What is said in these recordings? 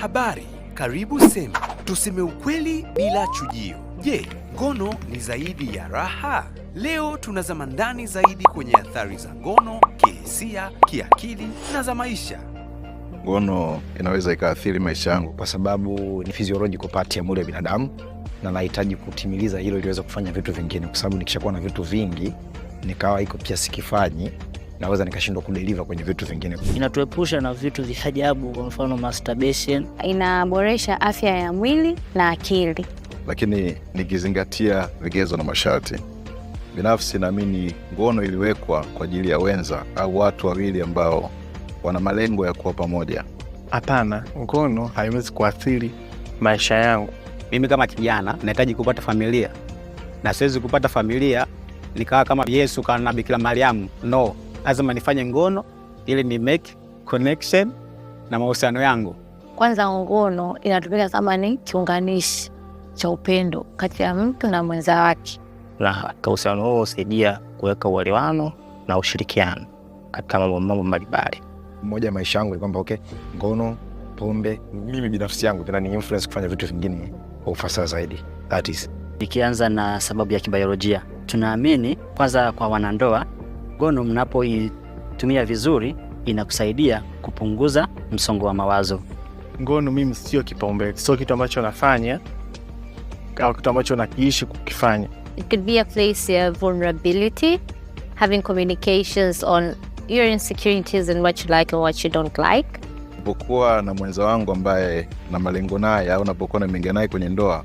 Habari, karibu Sema. Tuseme ukweli bila chujio. Je, ngono ni zaidi ya raha? Leo tunazama ndani zaidi kwenye athari za ngono kihisia, kiakili na za maisha. Ngono inaweza ikaathiri maisha yangu kwa sababu ni physiological part ya mwili wa binadamu, na nahitaji kutimiliza hilo iliweza kufanya vitu vingine, kwa sababu nikishakuwa na vitu vingi nikawa iko kiasi kifanyi naweza nikashindwa kudeliva kwenye vitu vingine. Inatuepusha na vitu vya kwa mfano masturbation. Inaboresha afya ya mwili na akili, lakini nikizingatia vigezo na masharti binafsi. Naamini ngono iliwekwa kwa ajili ya wenza au watu wawili ambao wana malengo ya kuwa pamoja. Hapana, ngono haiwezi kuathiri maisha yangu mimi. Kama kijana nahitaji kupata familia na siwezi kupata familia nikawa kama Yesu kana nabii Mariamu, no lazima nifanye ngono ili ni make connection na mahusiano yangu. Kwanza ngono inatumika kama ni kiunganishi cha upendo kati ya mtu na mwenza wake, na katika uhusiano huo husaidia kuweka uelewano na ushirikiano katika mambo mbalimbali. Mmoja ya maisha yangu ni kwamba okay, ngono, pombe, mimi binafsi yangu tena ni influence kufanya vitu vingine kwa ufasaha zaidi. That is ikianza na sababu ya kibayolojia, tunaamini kwanza kwa wanandoa ngono mnapoitumia vizuri inakusaidia kupunguza msongo wa mawazo. Ngono mimi sio kipaumbele, sio kitu ambacho nafanya au kitu ambacho nakiishi kukifanya. It could be a place of vulnerability, having communications on your insecurities and what you like and what you don't like. Napokuwa na mwenza wangu ambaye na malengo naye au napokuwa na naye kwenye ndoa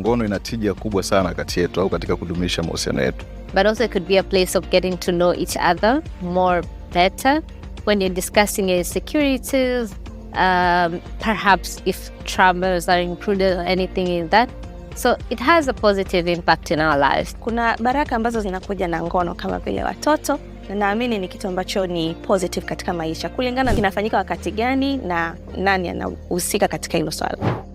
ngono ina tija kubwa sana kati yetu au katika kudumisha mahusiano yetu. But also it could be a place of getting to know each other more better when you're discussing insecurities, um, perhaps if traumas are included or anything in that. So it has a positive impact in our lives. Kuna baraka ambazo zinakuja na ngono kama vile watoto na naamini ni kitu ambacho ni positive katika maisha, kulingana kinafanyika wakati gani na nani anahusika katika hilo swala.